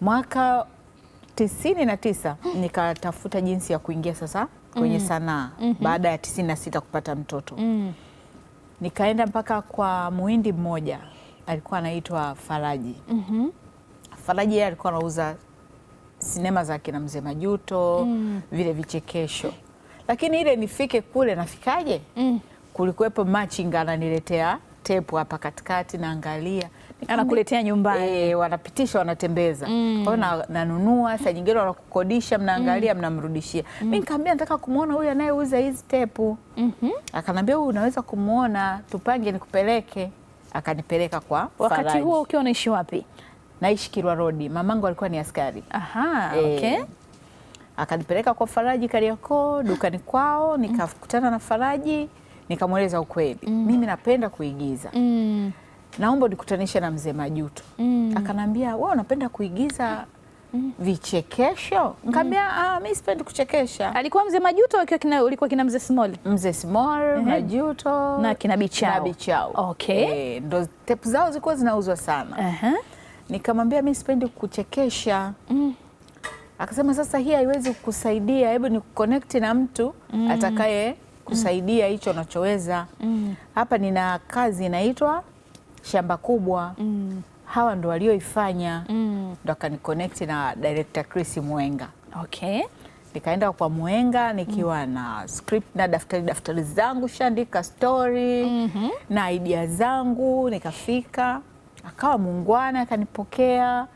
Mwaka tisini na tisa nikatafuta jinsi ya kuingia sasa kwenye mm-hmm. sanaa mm -hmm. baada ya tisini na sita kupata mtoto mm. Nikaenda mpaka kwa muhindi mmoja alikuwa anaitwa Faraji mm -hmm. Faraji yeye alikuwa anauza sinema za kina Mzee Majuto mm. vile vichekesho, lakini ile nifike kule nafikaje? mm. Kulikuwepo machinga ananiletea tepu hapa katikati, naangalia anakuletea nyumbani e, wanapitisha wanatembeza mm. kwao nanunua, saa nyingine wanakukodisha, mnaangalia mm. mnamrudishia mm. Mi nikamwambia nataka kumwona huyu anayeuza hizi tepu mm -hmm. Akanambia huyu unaweza kumwona, tupange nikupeleke. Akanipeleka kwa wakati Faraji. Huo ukiwa unaishi wapi? Naishi Kilwa Road, mamangu alikuwa ni askari. Aha, e, okay. Akanipeleka kwa Faraji Kariakoo, dukani kwao nikakutana na Faraji nikamweleza ukweli mm. mimi napenda kuigiza mm. naomba nikutanishe na mzee Majuto mm. akanambia wewe unapenda kuigiza mm. vichekesho nikamwambia mm. ah, mimi sipendi kuchekesha. Alikuwa mzee Majuto akiwa kina, ulikuwa kina mzee Small mzee Small mm -hmm. Majuto na kina Bichao Bichao okay. E, ndo tepu zao zilikuwa zinauzwa sana uh -huh. nikamwambia mimi sipendi kuchekesha mm. Akasema sasa hii haiwezi kukusaidia, hebu ni connect na mtu mm. atakaye kusaidia mm. hicho mm. unachoweza mm. Hapa nina kazi inaitwa shamba kubwa mm. hawa ndo walioifanya mm. ndo akanikonekti na director Chris Mwenga okay. Nikaenda kwa Mwenga nikiwa mm. na script na daftari daftari zangu shaandika story mm -hmm. na idea zangu, nikafika akawa muungwana akanipokea,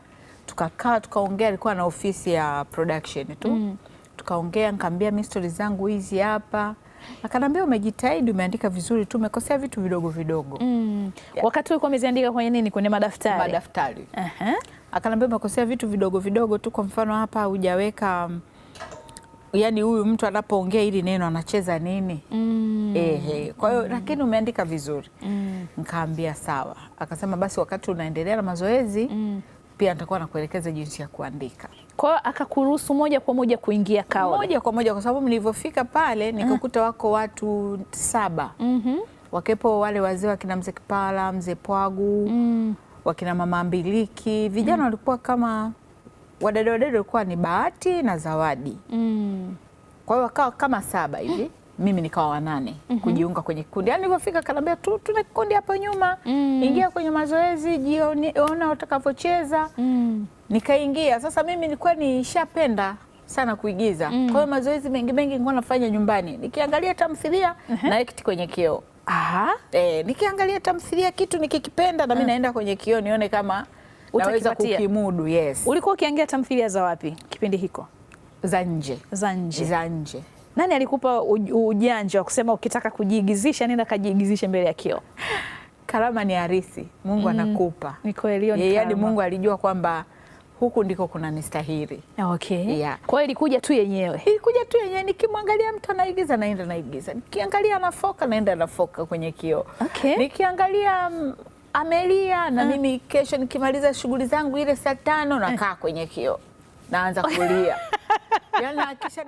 tukakaa tukaongea. Alikuwa na ofisi ya production tu mm. tukaongea, nikamwambia mimi stori zangu hizi hapa akanambia umejitahidi, umeandika vizuri tu, umekosea vitu vidogo vidogo. Mm. Yeah. Wakati ulikuwa umeziandika kwenye nini? Kwenye madaftari. Madaftari. Uh -huh. Akanambia umekosea vitu vidogo vidogo tu, kwa mfano hapa hujaweka yani huyu mtu anapoongea hili neno anacheza nini? mm. Ehe, kwa hiyo mm. lakini umeandika vizuri mm. Nkaambia sawa. Akasema basi wakati unaendelea na mazoezi mm pia nitakuwa nakuelekeza jinsi ya kuandika. Kwa hiyo akakuruhusu moja kwa moja kuingia Kaole? Moja kwa moja, kwa sababu nilivyofika pale mm. nikakuta wako watu saba. mm -hmm. Wakepo wale wazee wakina mzee Kipala, mzee Pwagu, mm. wakina mama Mbiliki, vijana mm. walikuwa kama wadada, wadada walikuwa ni Bahati na Zawadi mm. kwa hiyo wakawa kama saba hivi mimi nikawa wanane mm -hmm. kujiunga kwenye kikundi. yani, nilipofika kanambia tu tuna kikundi hapo nyuma mm. ingia kwenye mazoezi, jioni ona utakapocheza mm. nikaingia. Sasa mimi nilikuwa nishapenda sana kuigiza mm. kwa hiyo mazoezi mengi mengi nilikuwa nafanya nyumbani nikiangalia tamthilia uh -huh. na kiti kwenye kioo e, nikiangalia tamthilia kitu nikikipenda na mimi uh eh. -huh. naenda kwenye kioo nione kama naweza kukimudu. Yes. Ulikuwa ukiangalia tamthilia za wapi kipindi hiko? Za nje. Za nje. Za nje. Nani alikupa ujanja wa kusema ukitaka kujiigizisha nenda kajiigizishe mbele ya kioo? Karama ni harisi, Mungu mm. anakupa. Ni kweli hiyo. Yaani Mungu alijua kwamba huku ndiko kuna nistahiri. Okay. Yeah. Kwa hiyo ilikuja tu yenyewe. Ilikuja tu yenyewe, nikimwangalia mtu anaigiza naenda naigiza, nikiangalia anafoka naenda nafoka kwenye kioo. Okay. Nikiangalia mm, amelia na ah. mimi uh. Kesho nikimaliza shughuli zangu ile saa tano nakaa uh. kwenye kioo naanza kulia. Yaani kisha